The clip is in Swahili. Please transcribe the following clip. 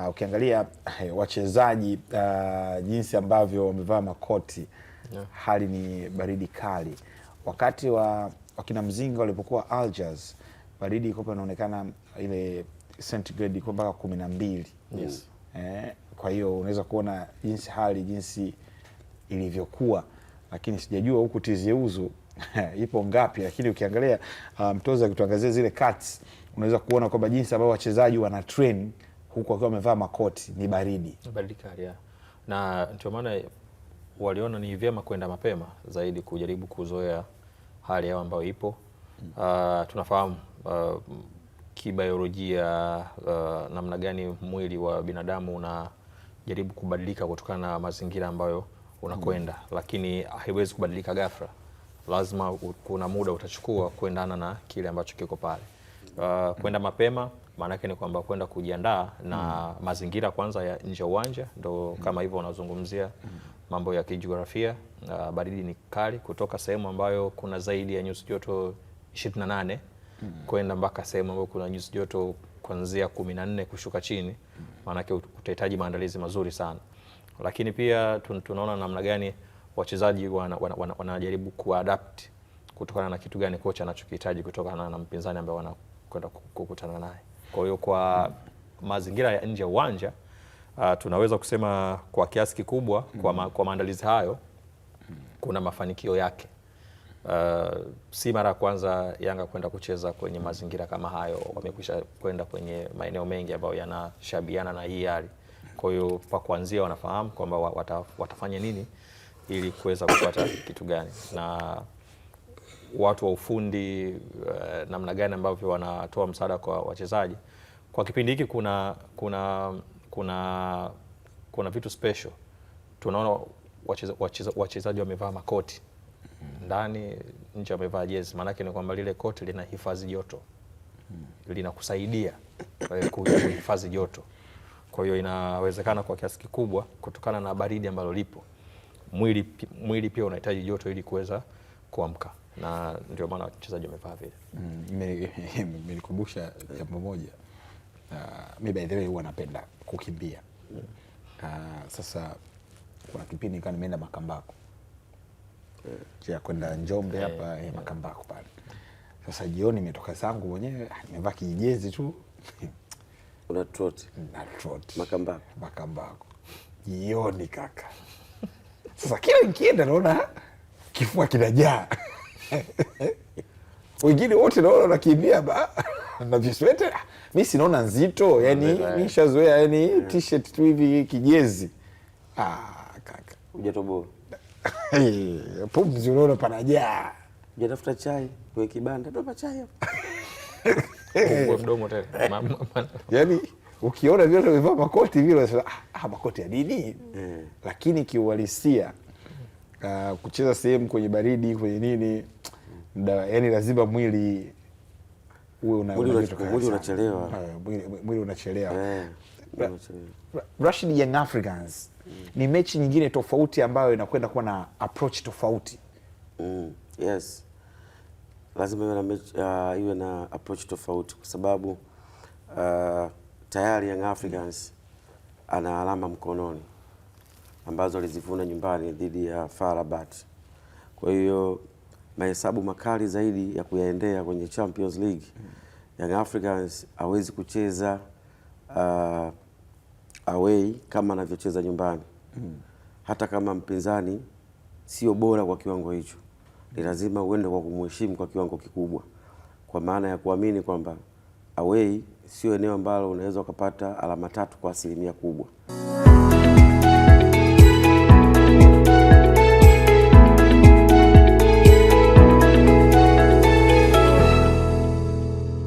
uh, ukiangalia hey, eh, wachezaji uh, jinsi ambavyo wamevaa makoti yeah. Hali ni baridi kali wakati wa wakina Mzinga walipokuwa Algiers, baridi ilikuwa inaonekana ile centigrade ilikuwa mpaka kumi na mbili. Yes. Eh, kwa hiyo unaweza kuona jinsi hali jinsi ilivyokuwa, lakini sijajua huku tizieuzu ipo ngapi, lakini ukiangalia ah, mtoza um, akituangazia zile cuts unaweza kuona kwamba jinsi ambavyo wachezaji wana train huku wakiwa wamevaa makoti, ni baridi, baridi kali ya. Na ndio maana waliona ni vyema kwenda mapema zaidi kujaribu kuzoea hali yao ambayo ipo. Uh, tunafahamu uh, ah, kibayolojia uh, ah, namna gani mwili wa binadamu unajaribu kubadilika kutokana na mazingira ambayo unakwenda mm. Lakini haiwezi kubadilika ghafla, lazima kuna muda utachukua kuendana na kile ambacho kiko pale. Uh, kwenda mapema maanake ni kwamba kwenda kujiandaa na mm. mazingira kwanza ya nje uwanja ndo mm. kama hivyo unazungumzia mm. mambo ya kijiografia. Uh, baridi ni kali kutoka sehemu ambayo kuna zaidi ya nyuzi joto 28 mm. kwenda mpaka sehemu ambayo kuna nyuzi joto kuanzia 14 na nne kushuka chini, mm. maanake utahitaji maandalizi mazuri sana, lakini pia tun, tunaona namna gani wachezaji wanajaribu wana, wana, wana kuadapt kutokana na kitu gani kocha anachokihitaji kutokana na mpinzani ambaye wanakwenda kukutana naye. Kwa hiyo kwa mazingira ya nje ya uwanja uh, tunaweza kusema kwa kiasi kikubwa kwa, ma, kwa maandalizi hayo kuna mafanikio yake. Uh, si mara ya kwanza Yanga kwenda kucheza kwenye mazingira kama hayo, wamekwisha kwenda kwenye maeneo mengi ambayo yanashabiana na hii hali. Kwa hiyo pa kuanzia wanafahamu kwamba wata, watafanya nini ili kuweza kupata kitu gani na watu wa ufundi uh, namna gani ambavyo wanatoa msaada kwa wachezaji. Kwa kipindi hiki kuna kuna kuna kuna vitu special, tunaona wachezaji wamevaa makoti ndani nje, wamevaa jezi. Maanake ni kwamba lile koti lina hifadhi joto, linakusaidia eh, kuhifadhi joto. Kwa hiyo inawezekana kwa kiasi kikubwa, kutokana na baridi ambalo lipo mwili, mwili pia unahitaji joto ili kuweza kuamka na ndio maana wachezaji wamevaa vile. Imenikumbusha mm, jambo moja uh, ah, mi by the way huwa napenda kukimbia uh, sasa kuna kipindi kaa nimeenda Makambako njia ya kwenda Njombe eh, hapa yeah, yeah. Makambako pale sasa jioni imetoka zangu mwenyewe nimevaa kijezi tu una trot na trot Makambako Makambako jioni kaka sasa kila nikienda naona kifua kinajaa wengine wote naona nakimbia na visweta, ah, mi sinaona nzito, yani eh. nishazoea, yani eh. tshet tu hivi kijezi. Ah, kaka eh, pumzi, unaona panajaa, hujatafuta chai kwe kibanda topa chai mdomo yani ukiona vile umevaa makoti vile, ah, ah, makoti ya nini? Lakini kiuhalisia uh, kucheza sehemu kwenye baridi kwenye nini da, yani lazima mwili uwe una mwili unachelewa, ah, mwili unachelewa. Eh, Rashid, Young Africans mm. ni mechi nyingine tofauti ambayo inakwenda kuwa na approach tofauti mm. yes, lazima iwe na mechi uh, iwe na approach tofauti kwa sababu uh, tayari Young Africans ana alama mkononi ambazo alizivuna nyumbani dhidi ya FAR Rabat. Kwa hiyo mahesabu makali zaidi ya kuyaendea kwenye Champions League Young Africans hawezi kucheza uh, away kama anavyocheza nyumbani mm. Hata kama mpinzani sio bora kwa kiwango hicho, ni lazima uende kwa kumheshimu kwa kiwango kikubwa, kwa maana ya kuamini kwamba away sio eneo ambalo unaweza ukapata alama tatu kwa asilimia kubwa.